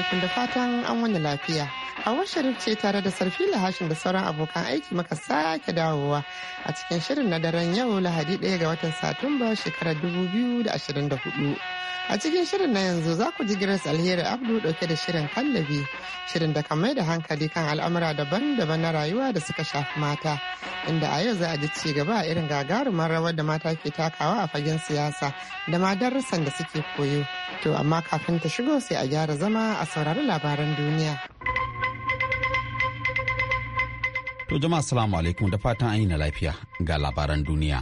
alaikum da fatan an wani lafiya. Hawa shirin ce tare da Sarfi Lahashin da sauran abokan aiki maka sake dawowa a cikin shirin na daren yau Lahadi ɗaya ga watan Satumba shekarar hudu A cikin shirin na yanzu za ku ji Grace Alheri Abdu ɗauke da shirin kallabi, shirin da kan mai da hankali kan al'amura daban-daban na rayuwa da suka shafi mata. inda a yau za a ji ci gaba a irin gagarumar rawar da mata ke takawa a fagen siyasa da ma darussan da suke koyo. To amma kafin ta shigo sai a gyara zama a saurari labaran duniya. To jama'a salamu alaikum da fatan an yi na lafiya ga labaran duniya.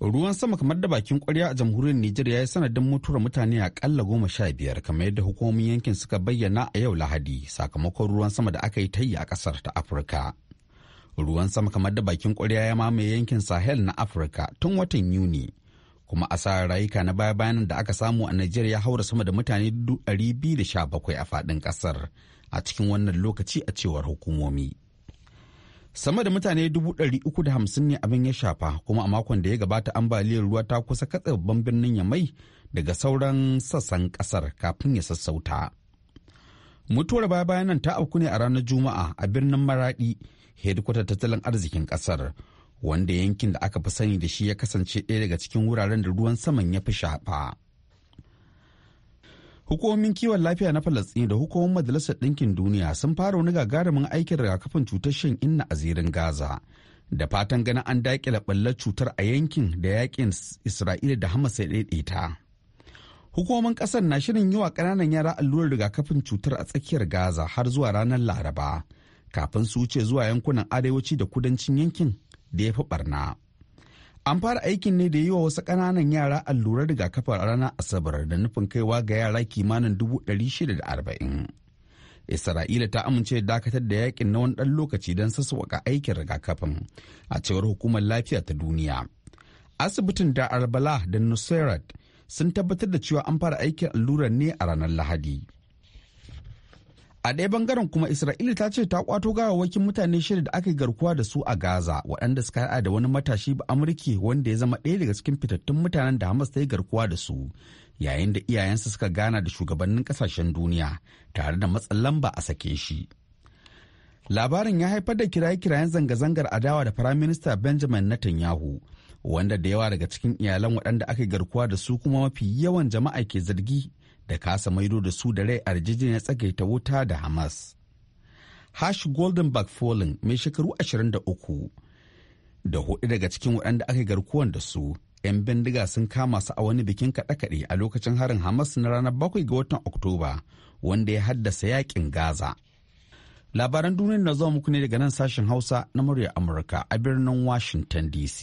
Ruwan sama kamar da bakin kwarya a jamhuriyar Nijar ya yi sanadin mutuwar mutane a kalla goma sha biyar kamar yadda hukumomin yankin suka bayyana a yau Lahadi sakamakon ruwan sama da aka yi tayi a kasar ta Afirka. ruwan sama kamar da bakin ƙwarya ya mamaye yankin sahel na afirka tun watan yuni kuma asarar rayuka na baya bayan da aka samu a najeriya ya haura sama da mutane 217 a faɗin ƙasar a cikin wannan lokaci a cewar hukumomi sama da mutane 350 ne abin ya shafa kuma a makon da ya gabata ambaliyar ruwa ta kusa katse babban birnin yamai daga sauran sassan ƙasar kafin ya sassauta. mutuwar baya bayan nan ta auku ne a ranar juma'a a birnin maraɗi hedikwatar tattalin arzikin ƙasar wanda yankin da aka fi sani da shi ya kasance ɗaya daga cikin wuraren da ruwan saman ya fi shafa hukumomin kiwon lafiya na falastini da hukumomin majalisar ɗinkin duniya sun fara wani gagarumin aikin rigakafin cutar shan inna a zirin gaza da fatan ganin an daƙile ɓallar cutar a yankin da yakin isra'ila da hamas ya ɗaiɗaita Hukumomin ƙasar na shirin yi wa ƙananan yara allurar rigakafin cutar a tsakiyar Gaza har zuwa ranar Laraba, kafin su wuce zuwa yankunan arewaci da kudancin yankin da ya fi barna. An fara aikin ne da yi wa wasu ƙananan yara allurar rigakafin a ranar Asabar da nufin kaiwa ga yara kimanin dubu ɗari shida da arba'in. Isra'ila ta amince dakatar da yakin na wani ɗan lokaci don sassauka aikin rigakafin a cewar hukumar lafiya ta duniya. Asibitin da Arbala da Nusairat sun tabbatar da cewa an fara aikin allurar ne a ranar lahadi a ɗaya bangaren kuma isra'ila ta ce ta kwato gawawwakin mutane shida da aka yi garkuwa da su a gaza waɗanda suka haɗa da wani matashi ba Amurki wanda ya zama ɗaya daga cikin fitattun mutanen da hamas ta yi garkuwa da su yayin da iyayensa suka gana da shugabannin ƙasashen duniya tare da matsin lamba a sake shi labarin ya haifar da kiraye-kirayen zanga-zangar adawa da firaminista benjamin netanyahu wanda da yawa daga cikin iyalan waɗanda aka garkuwa da su kuma mafi yawan jama'a ke zargi da kasa maido da su da rai a ya tsagaita wuta da hamas hash goldenberg falling mai shekaru 23 da hudu daga cikin waɗanda aka garkuwan da su 'yan bindiga sun kama su a wani bikin kaɗe-kaɗe a lokacin harin hamas na ranar 7 ga watan oktoba wanda ya haddasa yakin gaza labaran duniyar na zuwa muku ne daga nan sashen hausa na murya amurka a birnin washington dc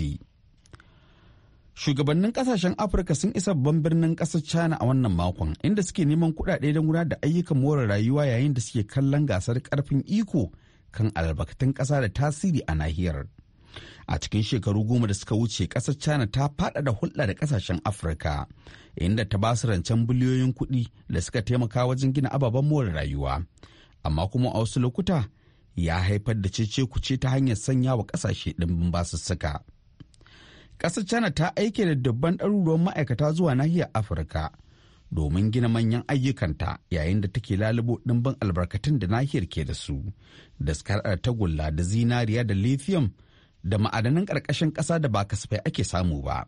Shugabannin kasashen Afirka sun isa babban birnin ƙasar China a wannan makon inda suke neman kuɗaɗe don gudanar da ayyukan more rayuwa yayin da suke kallon gasar karfin iko kan albarkatun ƙasa da tasiri a nahiyar. A cikin shekaru goma da suka wuce ƙasar China ta faɗaɗa hulɗa da ƙasashen Afirka inda ta basu rancen biliyoyin kuɗi da suka taimaka wajen gina ababen more rayuwa. Amma kuma a wasu lokuta ya haifar da cece kuce ta hanyar sanya wa ƙasashe ɗimbin basussuka. ƙasar china ta aike da dubban ɗaruruwan ma'aikata zuwa nahiyar afirka domin gina manyan ayyukanta yayin da take lalubo ɗimbin albarkatun da nahiyar ke da su da tagulla da zinariya da lithium da ma'adanan ƙarƙashin ƙasa da ba kasafai ake samu ba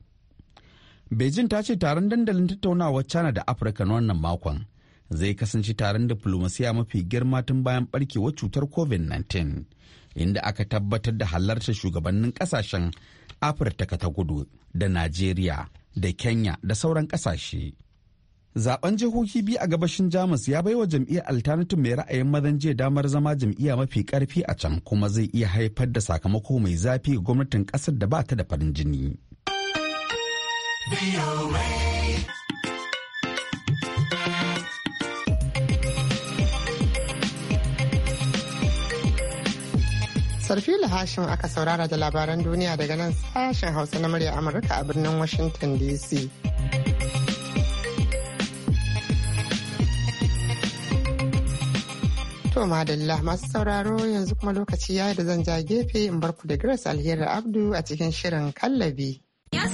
beijing ta ce taron dandalin tattaunawar china da afirka na wannan makon zai kasance taron diflomasiya mafi girma tun bayan barkewar cutar covid-19 inda aka tabbatar da halartar shugabannin kasashen afirka ta gudu da najeriya da kenya da sauran kasashe zaben jihohi biyu a gabashin jamus ya bai wa jam'iyyar alternative mai ra'ayin mazan jiya damar zama jam'iyya mafi karfi a can kuma zai iya haifar da sakamako mai zafi ga gwamnatin kasar da ba ta da farin jini. Sarfila Hashin aka saurara da labaran duniya daga nan sashen Hausa na murya Amurka a birnin Washington DC. To madalla masu sauraro yanzu kuma lokaci yayi da zan ja gefe in barku da Grace Alheri Abdu a cikin shirin kallabi. Yes,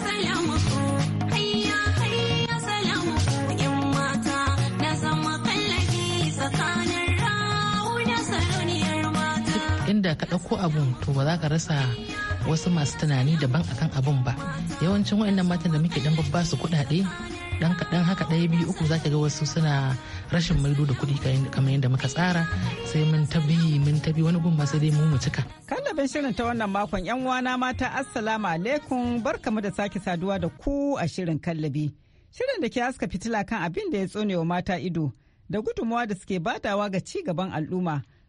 da ka ɗauko abun to ba za ka rasa wasu masu tunani daban akan abun ba yawancin waɗannan matan da muke dan babba su kuɗaɗe dan kaɗan haka ɗaya biyu uku za ga wasu suna rashin maido da kuɗi kamar yadda muka tsara sai mun tabi mun tabi wani gun sai dai mu mu cika. kallabin shirin ta wannan makon yan uwana mata assalamu alaikum barkamu da sake saduwa da ku a shirin kallabi shirin da ke haska fitila kan abin da ya tsone wa mata ido da gudunmawa da suke badawa ga ci gaban al'umma.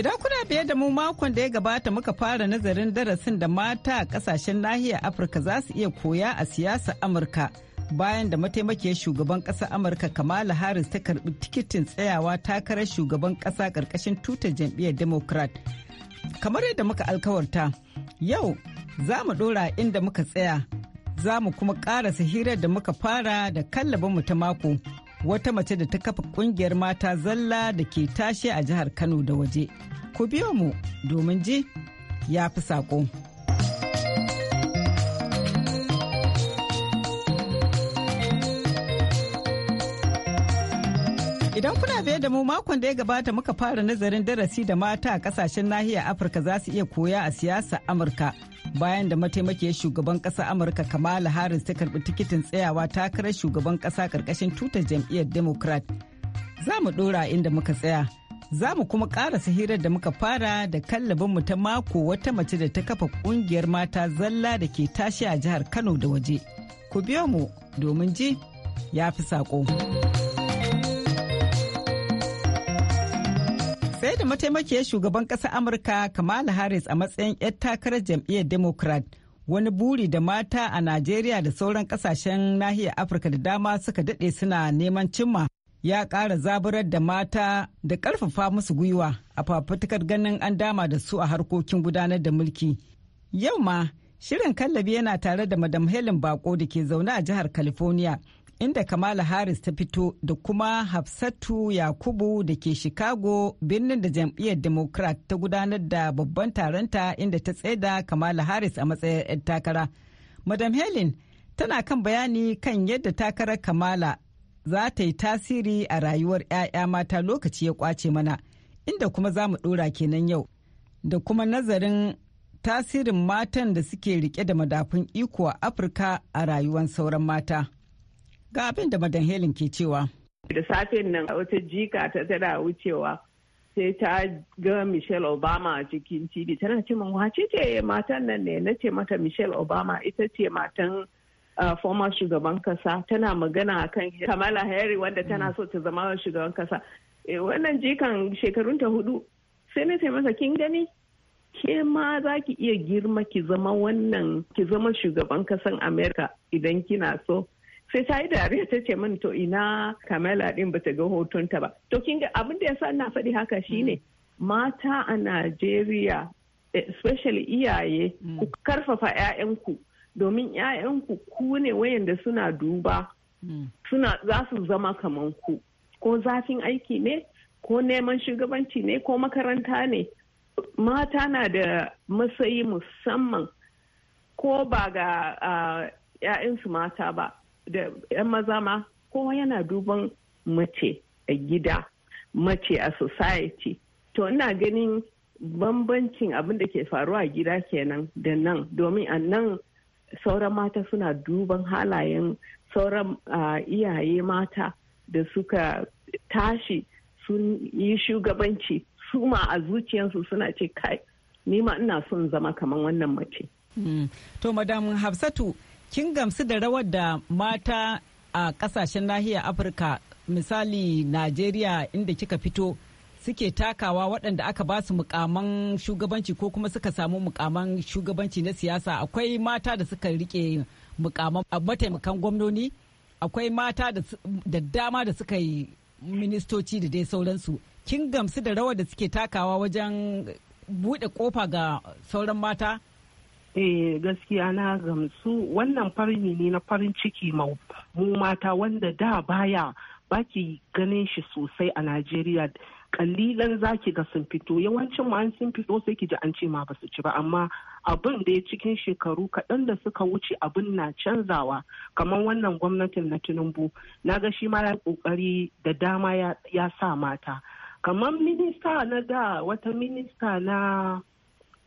Idan kuna biye da mu makon da ya gabata muka fara nazarin darasin da mata a kasashen nahiyar Afirka za su iya koya a siyasar Amurka bayan da mataimakiyar shugaban ƙasar Amurka Kamala Harris ta karbi tikitin tsayawa takarar shugaban ƙasa ƙarƙashin tutar jam'iyyar Democrat. Kamar yadda muka alkawarta, yau za mu ɗora inda muka tsaya, za mu kuma ƙarasa hirar da muka fara da kallabinmu mu ta mako. wata mace da ta kafa kungiyar mata zalla da ke tashe a jihar Kano da waje. Ku biyo mu domin ji ya fi saƙo. Idan kuna biye da mu makon da ya gabata muka fara nazarin darasi da mata a kasashen nahiyar Afirka za su iya koya a siyasa Amurka bayan da mataimakiyar shugaban kasa amurka kamala harris ta karbi tikitin tsayawa takarar shugaban kasa karkashin tutar jam'iyyar democrat za mu dora inda muka tsaya za mu kuma karasa hirar da muka fara da kallabin mu ta mako wata mace da ta kafa kungiyar mata zalla da ke tashi a jihar kano da waje ku biyo mu domin ji ya fi saƙo. Sai da mataimakiyar shugaban ƙasar Amurka Kamala Harris a matsayin 'yar takarar jam'iyyar Democrat wani buri da mata a Najeriya da sauran ƙasashen nahiyar Afirka da dama suka daɗe suna neman cimma ya ƙara zaburar da mata da ƙarfafa musu gwiwa a fafutukar ganin an dama da su a harkokin gudanar da mulki. Yau ma, shirin kallabi yana tare da Madam Helen Bako da ke zaune a jihar California. inda Kamala Harris ta fito da kuma Hafsatu Yakubu da ke Chicago birnin da jam'iyyar Democrat ta gudanar da babban taronta inda ta tsaida Kamala Harris a matsayin 'yan takara. Madam Helen tana kan bayani kan yadda takarar Kamala za ta yi tasiri a rayuwar 'ya'ya mata lokaci ya kwace mana inda kuma za mu ɗora kenan yau da kuma nazarin tasirin matan da suke rike da madafun iko a Afirka a rayuwar sauran mata. Ga abin da Madan Helen ke cewa. Da safen nan wata jika ta tana wucewa sai ta ga Michelle Obama a cikin TV tana ce min wace ce matan nan ne na ce mata Michelle Obama ita ce matan former shugaban kasa tana magana kan Kamala harry wanda tana so ta zama shugaban kasa eh, wannan jikan shekarun ta hudu sai na sai masa kin gani ke ma za ki iya girma ki zama wannan ki zama shugaban kasan Amerika idan kina so sai ta yi dariya ta ce min to ina kamala din ba ta ga hotonta ba to kin ga abin da yasa ina faɗi haka shine mm. mata a Najeriya especially iyaye mm. ku karfafa ƴaƴanku domin 'ya'yanku ku ne wayanda suna duba mm. suna za su zama kaman ku ko zafin aiki ne ko neman shugabanci ne ko makaranta ne mata na da matsayi musamman ko ba ga 'ya'yansu ah, mata ba da 'yan maza ma kowa yana duban mace a gida mace a society to ina ganin bambancin abin da ke faruwa a gida kenan da nan domin a nan sauran mata suna duban halayen sauran iyaye mata da suka tashi sun yi shugabanci su ma a zuciyarsu suna ce kai nima ina son zama kamar wannan mace. Hmm. to madam hafsatu kin gamsu da rawar da mata a kasashen nahiyar afirka misali najeriya inda kika fito suke takawa waɗanda aka ba su mukaman shugabanci ko kuma suka samu mukaman shugabanci na siyasa akwai mata da suka rike mukaman mataimakan gwamnoni akwai mata da dama da suka yi ministoci da dai sauransu kin gamsu da rawar da suke takawa wajen buɗe kofa ga sauran mata Eh gaskiya na gamsu wannan farni ne na farin ciki mu mata wanda da baya baki ganin shi sosai a Najeriya kalilan zaki ga sun fito yawancin ma an sun fito sai ki ji an ce ma basu ci ba amma abin da ya cikin shekaru kaɗan da suka wuce abin na canzawa kamar wannan gwamnatin na Tinubu na ga shi ma ya kokari da dama ya sa mata kamar minista na da wata minista na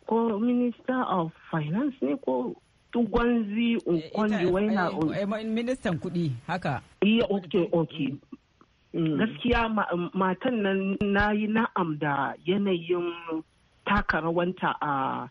ko minister of finance ne ko tugwanzi eh, unkwanji eh, wai na eh, ministan kudi haka iya ok ok mm. gaskiya mm, matan nan na yi na'am da yanayin taka rawanta a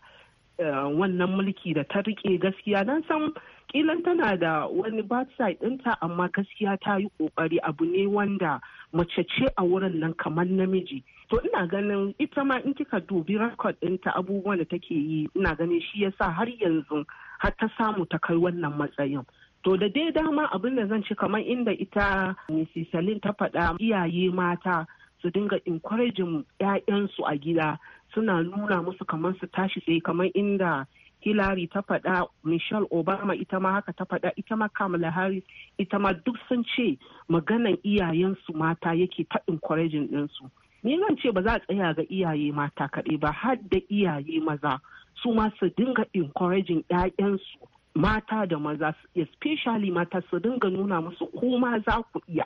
wannan mulki da ta rike gaskiya nan san kilan tana da wani bad side ɗinta amma gaskiya ta yi kokari abu ne wanda mace ce a wurin nan kamar namiji to ina ganin ita ma in kika dubi record ɗinta abubuwan da take yi ina ganin shi yasa har yanzu har ta samu ta kai wannan matsayin to da dai dama abin da zan ci kamar inda ita Mrs. ta faɗa iyaye mata su dinga encouraging 'ya'yansu a gida suna nuna musu kamar su tashi tsaye kamar inda Hillary ta faɗa Michelle Obama ita ma haka ta faɗa ita ma Kamala Harris ita ma duk sun ce maganan iyayensu mata yake ta encouraging ɗinsu. Ni zan ce ba za a tsaya ga iyaye mata kaɗai ba har da iyaye maza su ma su dinga encouraging ‘ya'yansu mata da maza especially mata su dinga nuna musu ko ma za ku iya.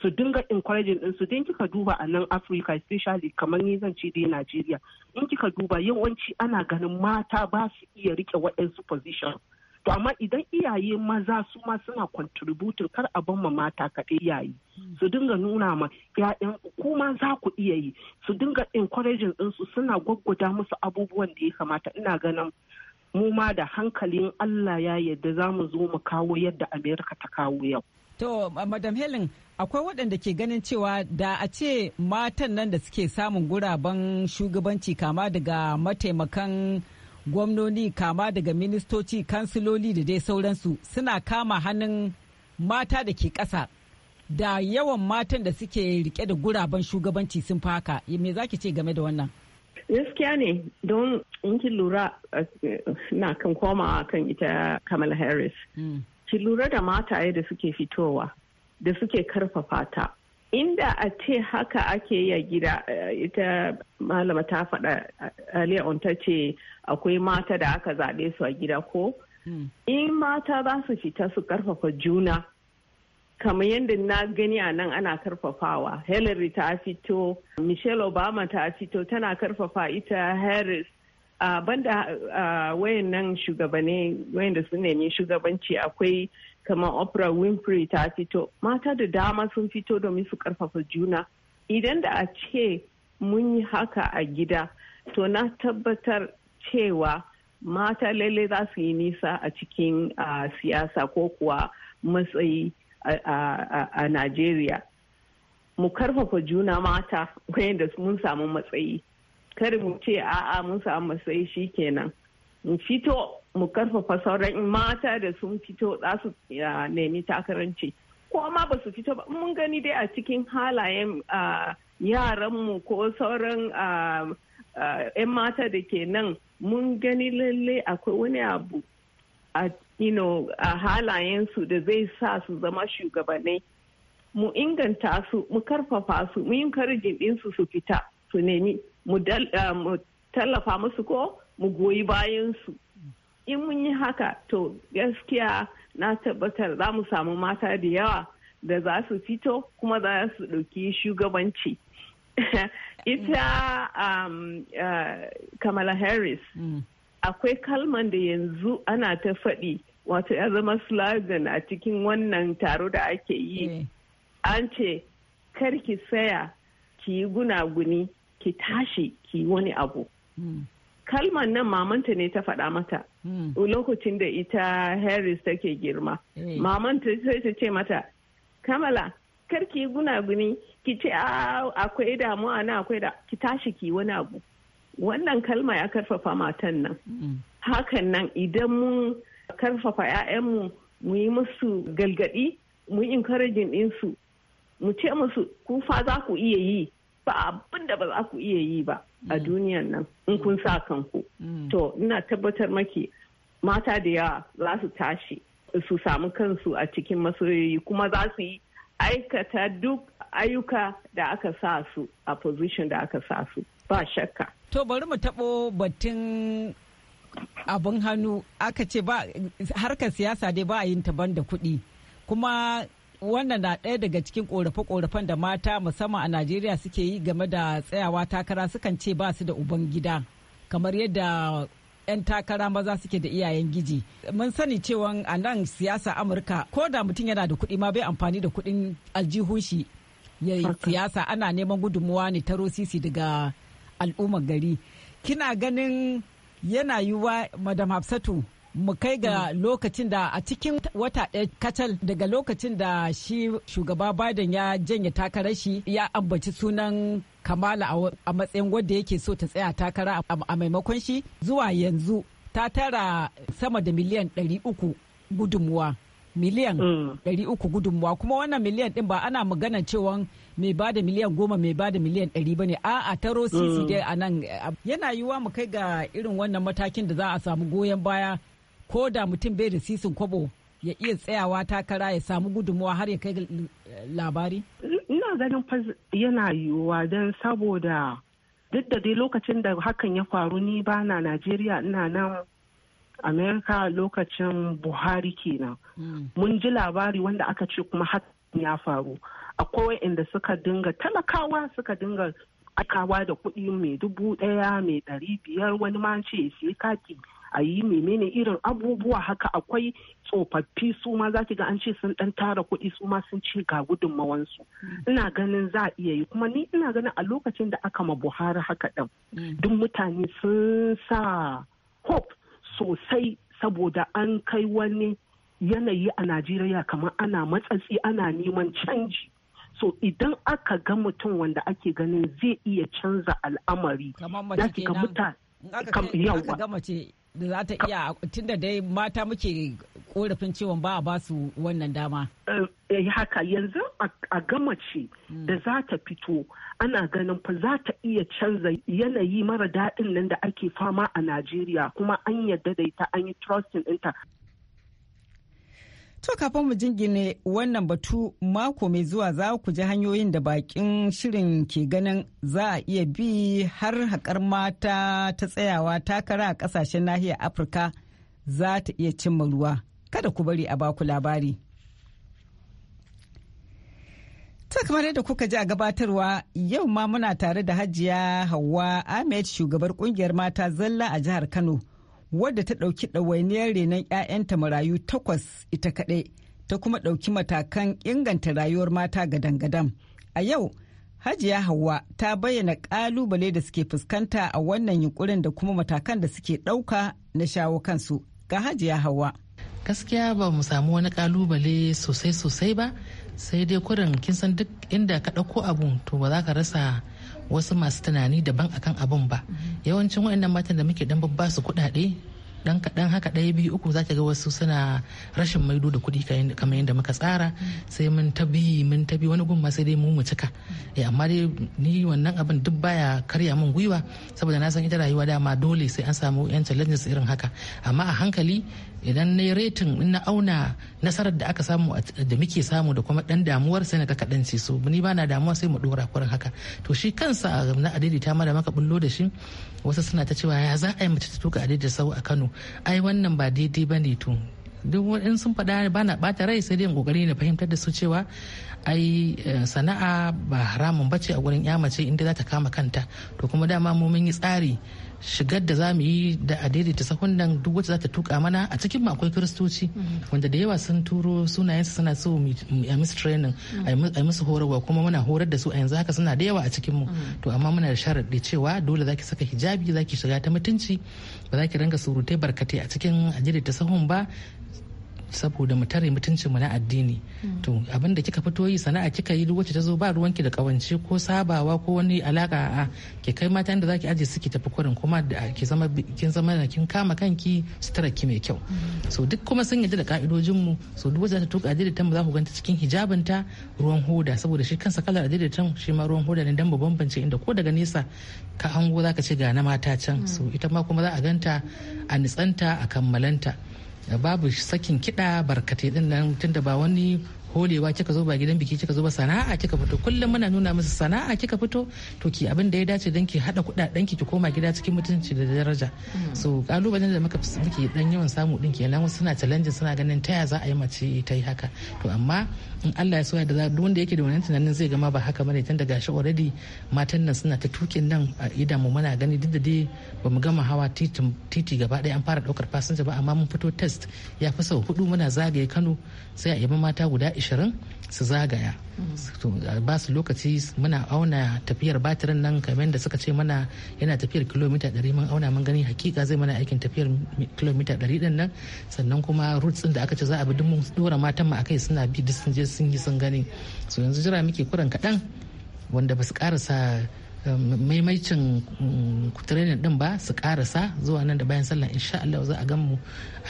su dinga encouraging din su din kika duba a nan Africa especially kamar ni zan ce dai nigeria in kika duba yawanci ana ganin mata ba su iya rike waɗansu position to amma idan iyaye maza su ma suna contributing kar a ban ma mata kaɗai iyaye su dinga nuna ma ya'yan kuma za ku iya yi su dinga encouraging su suna gwaggwada musu abubuwan da ya kamata ina ganin mu ma da hankalin Allah ya yadda za mu zo mu kawo yadda Amerika ta kawo yau. To, Madam Helen, akwai waɗanda ke ganin cewa da a ce matan nan da suke samun guraben shugabanci kama daga mataimakan gwamnoni kama daga ministoci, kansiloli da dai sauransu suna kama hannun mata da ke ƙasa. Da yawan matan da suke rike da guraben shugabanci sun fi haka, me za ki ce game da wannan? gaskiya ne don in lura eh, na kan komawa kan ita Kamala Harris. Mm. ki lura da mataye da suke fitowa da suke karfafa ta inda a ce haka ake yi a gida eh, ita malama ta faɗa eh, aliyu ta ce akwai mata da aka zaɓe su a gida ko hmm. in mata za su fita su karfafa juna kamar yadda na gani a nan ana karfafawa hillary ta fito michelle obama ta fito tana karfafa ita harris A banda uh, wayan nan shugabane wayan da sun nemi shugabanci akwai kamar Oprah Winfrey ta fito mata da dama sun fito domin su karfafa juna idan da a ce mun yi haka a gida to na tabbatar cewa mata lalle za su yi nisa a cikin siyasa ko kuwa matsayi a Najeriya mu karfafa juna mata wayan da mun samu matsayi kar mu ce a'a mun samu sai shi kenan mu fito mu karfafa sauran mata da sun fito za su nemi takaranci ko ma ba su fito ba mun gani dai a cikin halayen mu ko sauran 'yan mata da ke nan mun gani lalle akwai wani abu a halayensu da zai sa su zama shugabanni mu inganta su mu karfafa su mu yin karjin su su fita su nemi Eh, mu tallafa musu ko mu goyi bayansu in mun yi haka to gaskiya na tabbatar za mu samu mata da yawa da za su fito kuma za su ɗauki shugabanci ita um, uh, kamala harris mm. akwai kalman da yanzu ana ta faɗi wato ya zama slogan a cikin wannan taro da ake yi eh. an ce karki saya ki yi gunaguni ki tashi ki wani abu hmm. kalman nan mamanta ne ta faɗa mata hmm. lokacin da ita harris take girma eh. mamanta sai ta ce mata kamala kar karki gunaguni ki ce akwai damuwa na akwai da ki tashi ki wani abu wannan kalma ya karfafa matan nan hmm. hakan nan idan mun karfafa 'ya'yanmu mu yi musu galgadi mu yi encouraging ɗinsu mu ce musu ku fa za ku iya yi ba abin da ba za ku iya yi ba a mm. duniyan nan in kun mm. sa kanku mm. to ina tabbatar maki mata da yawa za su tashi su samu kansu a cikin masoyoyi kuma za su yi aikata duk ayyuka da aka sa su a position da aka sa su ba shakka to bari mu taɓo batun abin hannu aka ce ba harkar siyasa dai ba a yin ta ban da kuɗi kuma wannan na ɗaya daga cikin ƙorafe-ƙorafen da mata musamman a najeriya suke yi game da tsayawa takara sukan ce ba su da uban gida kamar yadda 'yan takara maza suke da iyayen giji mun sani cewa a nan siyasa amurka ko da mutum yana da kuɗi ma bai amfani da kuɗin aljihun shi ya siyasa ana neman gudunmuwa ne ta rosisi daga al'ummar gari kina ganin yana yiwuwa madam hafsatu mu kai ga mm. lokacin da a cikin wata ɗaya kacal daga lokacin da shi shugaba Biden ya janye takarar shi ya ambaci sunan Kamala a matsayin wadda yake so ta tsaya takara a maimakon shi zuwa yanzu ta tara sama da miliyan 300 gudunmuwa. miliyan mm. ɗari uku gudunmuwa kuma wannan miliyan din ba ana magana cewa mai ba da miliyan goma mai ba da miliyan ɗari ba ne a a taro cc mm. dai a nan yana yiwuwa mu kai ga irin wannan matakin da za a samu goyon baya ko da mutum bai da sisin kwabo ya iya tsayawa takara ya samu gudunmuwa har ya kai labari? Ina ganin fa yana yiwuwa don saboda duk da dai lokacin da hakan ya faru ni ba na Najeriya ina nan Amerika lokacin Buhari kenan. Hmm. Mun ji labari wanda aka ce kuma hakan ya faru. Akwai inda suka dinga talakawa suka dinga aikawa da kuɗi mai dubu ɗaya mai ɗari biyar wani ma ce sai kati a yi menene irin abubuwa haka akwai tsofaffi su ma za ki ga an ce sun dan tara kuɗi su ma sun ce ga gudunmawansu mm. ina ganin za a iya yi kuma ni ina ganin a lokacin da aka ma buhari haka ɗin mm. duk mutane sun sa hope sosai saboda an kai wani yanayi a najeriya kamar ana matsatsi ana neman canji so idan aka ga mutum wanda ake ganin zai iya canza al'amari kamar mace kenan yawa za ta iya tunda dai mata muke korafin cewa ba a basu wannan dama. Eh, eh, haka yanzu a gama ce da hmm. za ta fito ana ganin fa za ta iya canza yanayi mara daɗin nan da ake fama a Najeriya kuma an yarda da ita an yi trusting ɗinta To kafin mu jingine wannan batu mako mai zuwa za ku ji hanyoyin da bakin shirin ke ganin za a iya bi har haƙar mata ta tsayawa takara a ƙasashen nahiyar Afirka za ta iya cimma ruwa. Kada ku bari a baku labari. Ta kamar yadda kuka ji a gabatarwa yau ma muna tare da hajiya Hauwa Ahmed shugabar kungiyar mata zalla a jihar Kano. wadda ta ɗauki ɗawainiyar renon 'ya'yanta marayu takwas ita kaɗai ta kuma ɗauki matakan inganta rayuwar mata gadan-gadan. A yau, Hajiya Hauwa ta bayyana ƙalubale da suke fuskanta a wannan yunkurin da kuma matakan da suke ɗauka na shawo kansu ga Hajiya Hauwa. Gaskiya ba mu samu wani ƙalubale sosai-sosai ba, sai dai kurin kin san duk inda ka ɗauko abu to ba za ka rasa wasu masu tunani daban akan abun ba yawancin waɗannan matan da muke dan babba su kuɗaɗe dan kaɗan haka ɗaya biyu uku zaki ga wasu suna rashin maido da kuɗi kamar yadda muka tsara sai mun tabi mun tabi wani gun ma sai dai mu mu cika eh amma dai ni wannan abin duk baya karya min gwiwa saboda na san ita rayuwa dama dole sai an samu yan challenges irin haka amma a hankali idan na yi retin na auna nasarar da aka samu da muke samu da kuma dan damuwar sai na ga kaɗan ce so ni ba na damuwa sai mu dora kurin haka to shi kansa a na adidi ta mara maka bullo da shi wasu suna ta cewa ya za a yi mace ta tuka da sau a Kano ai wannan ba daidai ba ne to duk in sun faɗa ba na ɓata rai sai dai kokari na fahimtar da su cewa ai eh, sana'a ba haramun bace a gurin mace inda za ta kama kanta to kuma dama mu mun yi tsari shigar da za yi da a daidaita sakundan duk wacce za ta tuka mana a cikin akwai kiristoci wanda da yawa sun turo sunayensu suna so a musu training a musu horarwa kuma muna horar da su a yanzu haka suna da yawa a cikin to amma muna da sharaɗi cewa dole zaki saka hijabi zaki ki shiga ta mutunci ba za ki ranga surutai barkatai a cikin ajiyar ta sahun ba saboda mu tare mutuncin mu na addini hmm. to abin da kika fito yi sana'a kika yi wacce ta zo ba ki da kawance ko sabawa ko wani alaka a ke kai mata da zaki aje su ki tafi kurin kuma da ki zama kin zama kin kama kanki sutura ki mai kyau hmm. so duk kuma sun yadda da ka'idojin mu so duk wacce ta tuka adaidaita mu za ku ganta cikin ta ruwan hoda saboda shi kansa kalar adaidaita shi ma ruwan hoda ne dan mu bambance inda ko daga nesa ka hango zaka ce ga na mata can hmm. so ita ma kuma za a ganta a nitsanta a kammalanta babu sakin kiɗa barkatai ɗin nan tunda ba wani kolewa kika zo ba gidan biki kika zo ba sana'a kika fito kullum muna nuna musu sana'a kika fito to ki abin da ya dace dan ki hada kudaden ki ki koma gida cikin mutunci da daraja mm. so kalubalen da muka muke dan yawan samu din ki yana suna challenge suna ganin taya za a yi mace ta yi haka to amma in Allah ya so da duk wanda yake da wannan tunanin zai gama ba haka bane tun da gashi already matan nan suna ta tukin nan a idan mu muna gani duk da dai ba mu gama hawa titi gaba ɗaya an fara daukar fasinja ba amma mun fito test ya fi sau hudu muna zagaye Kano sai a yaba mata guda 20 ashirin su zagaya ba su lokaci muna auna tafiyar batirin nan kamar da suka ce mana yana tafiyar kilomita 100 mun auna mun gani hakika zai mana aikin tafiyar kilomita 100 din nan sannan kuma routes din da aka ce za a bi mun dora matan mu akai suna bi duk sun je sun yi sun gani so yanzu jira muke kuran kaɗan wanda ba su karasa eh, maimaicin mm, training din ba su karasa zuwa nan da bayan sallah insha Allah za a gan mu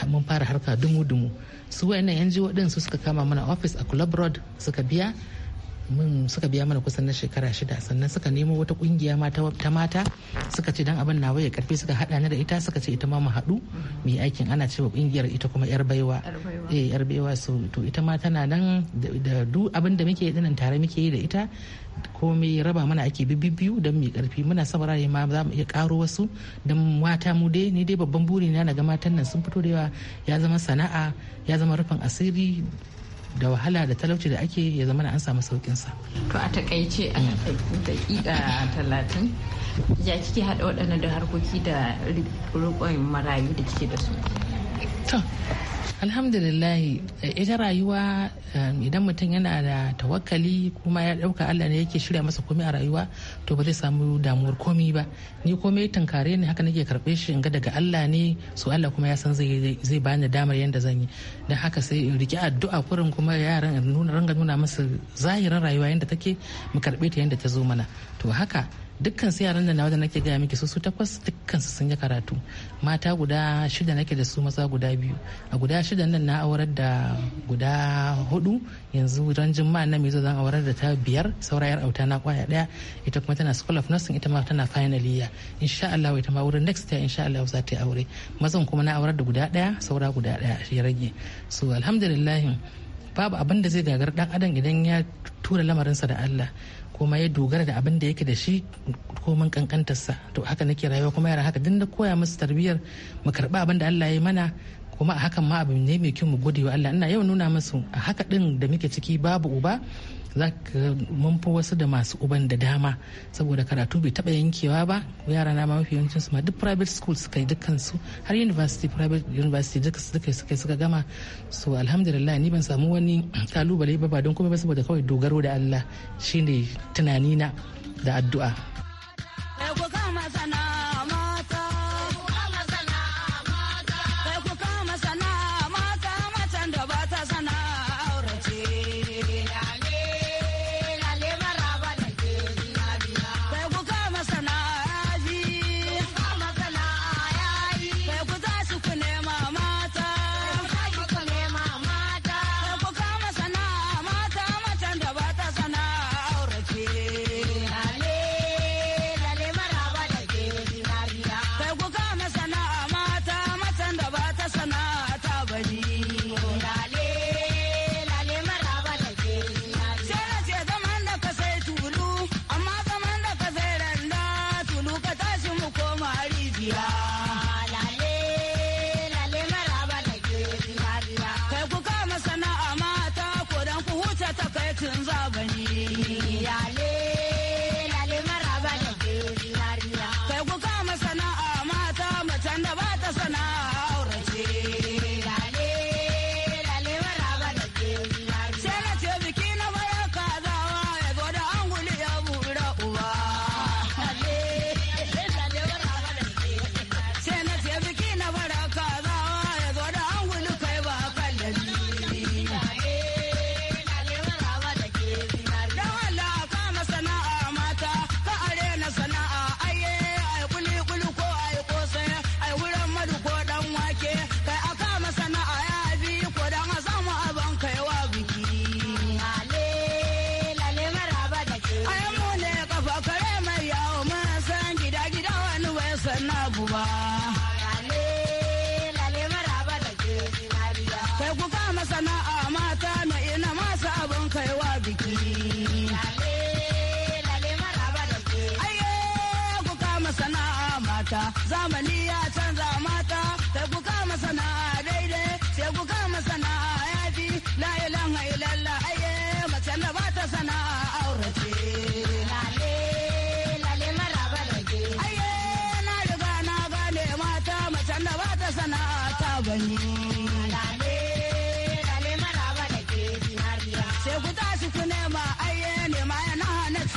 mun fara harka dumu dumu su wayannan jiwo din su suka kama mana office a Club Road suka biya mun suka biya mana kusan na shekara shida sannan suka nemo wata kungiya ta mata suka ce dan abin na waya karfi suka hada ni da ita suka ce ita ma mu haɗu mu yi aikin ana cewa kungiyar ita kuma yar baiwa eh yar baiwa so to ita ma tana nan da duk abin da muke dinan tare muke yi da ita ko me raba mana ake bibbiyu don mai karfi muna sabara ne ma za mu iya karo wasu don mata mu dai ni dai babban buri na ga matan nan sun fito da yawa ya zama sana'a ya zama rufin asiri da wahala da talauci da ake ya zama an samu saukin sa to a takaice a mm. daƙiƙa talatin ya kike haɗa waɗannan da harkoki da rikon marayu da kike da su alhamdulillah ita rayuwa um, idan mutum yana da tawakkali kuma ya dauka allah ne yake shirya masa komai a rayuwa to ba zai samu damuwar komai ba ni komai tunkare ni haka nake karbe shi in ga daga allah ne su allah kuma ya san zai bani damar yadda zan yi don haka sai in riki addu'a kurin kuma yaran in nuna ranga nuna masa zahirin rayuwa yadda take mu karbe ta yadda ta zo mana to haka dukkan su yaran da na da nake gaya miki su su takwas dukkan su sun yi karatu mata guda shida nake da su maza guda biyu a guda shida nan na aurar da guda hudu yanzu ran jimma na mai zan aurar da ta biyar saurayar auta na kwaya daya ita kuma tana school of nursing ita ma tana final year insha Allah ita ma wurin next year insha Allah za ta yi aure mazan kuma na aurar da guda daya saura guda daya shi rage so alhamdulillah babu abin da zai gagar dan adam idan ya tura lamarinsa da Allah kuma ya dogara da abin da yake da shi komin kankantarsa to haka nake rayuwa kuma yara haka dinda koya musu tarbiyyar mu karɓi abin da Allah ya mana kuma a hakan ma abu ne mai kyau mu gode wa Allah ina yau nuna musu a haka din da muke ciki babu uba za ka mun fi wasu da masu uban da dama saboda karatu bai taba yankewa ba yara na mafi yawancin su ma duk private school suka yi dukkan su har university private university duka suka suka suka gama so alhamdulillah ni ban samu wani kalubale ba ba don kuma ba saboda kawai dogaro da Allah shine tunani na da addu'a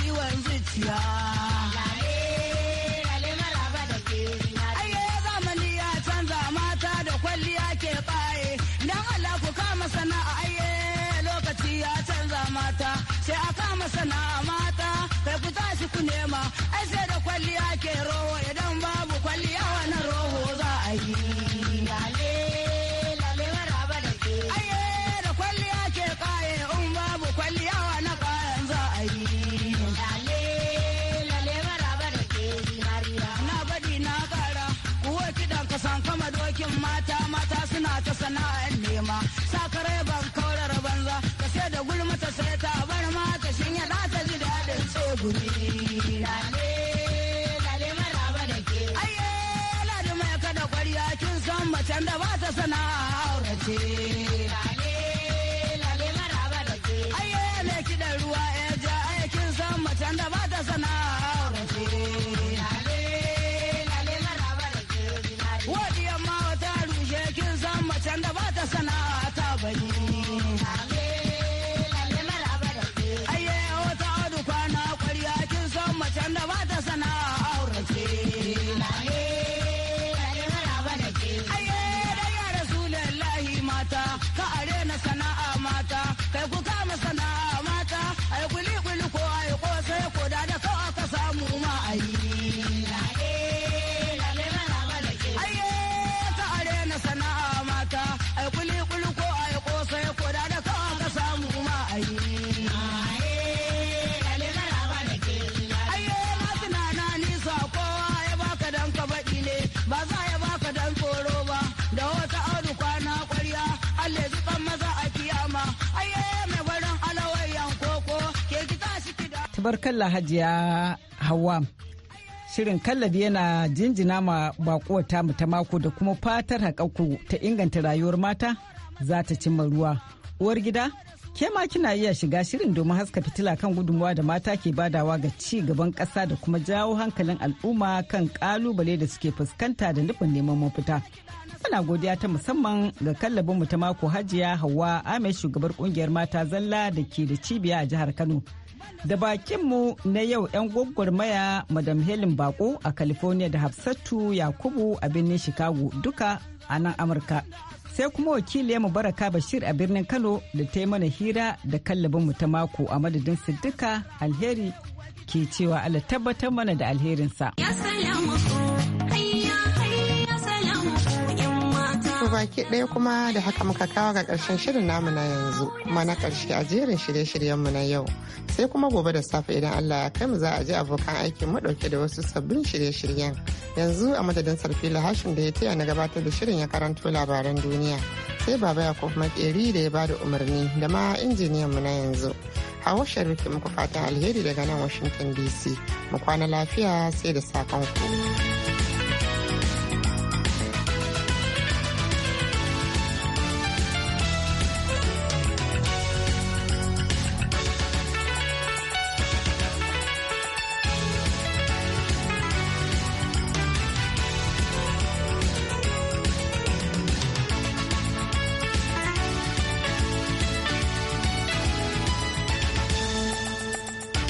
ciwon zuciya. Aye eh, zamani ya canza mata da kwalliya ke ɓaye, don Allah ku kama sana'a aye eh, lokaci ya canza mata, sai a kama sana'a mata, kai ku tashi ku nema Hasana. kalla Hajiya hawa Shirin kallabi yana jinjina ma bakuwar mu ta mako da kuma fatar haƙaƙu ta inganta rayuwar mata za ta cimma ruwa. Uwar gida, ke ma kina iya shiga shirin domin haska fitila kan gudunmawa da mata ke badawa ga ci gaban ƙasa da kuma jawo hankalin al'umma kan ƙalubale da suke fuskanta da nufin neman mafita. Muna godiya ta musamman ga kallabin mu ta mako Hajiya Hauwa ame shugabar kungiyar mata zalla da ke da cibiya a jihar Kano. Da bakinmu na yau 'yan maya Madam Helen Bako a California da Hafsatu Yakubu a birnin Chicago duka a nan Amurka. Sai kuma wakili mu Baraka Bashir a birnin Kano da ta yi mana hira da kallabinmu ta mako a madadin duka Alheri ke cewa ala tabbatar mana da alherinsa. baki ɗaya kuma da haka muka kawo ga ƙarshen shirin namu na yanzu kuma na ƙarshe a jerin shirye-shiryenmu na yau sai kuma gobe da safe idan Allah ya kai mu za a je abokan aikin mu ɗauke da wasu sabbin shirye-shiryen yanzu a madadin sarfila lahashin da ya taya na gabatar da shirin ya karanto labaran duniya sai baba ya kuma makeri da ya ba da umarni da ma injiniyanmu na yanzu hawa sharif muku fatan alheri daga nan washington dc mu kwana lafiya sai da sakon ku.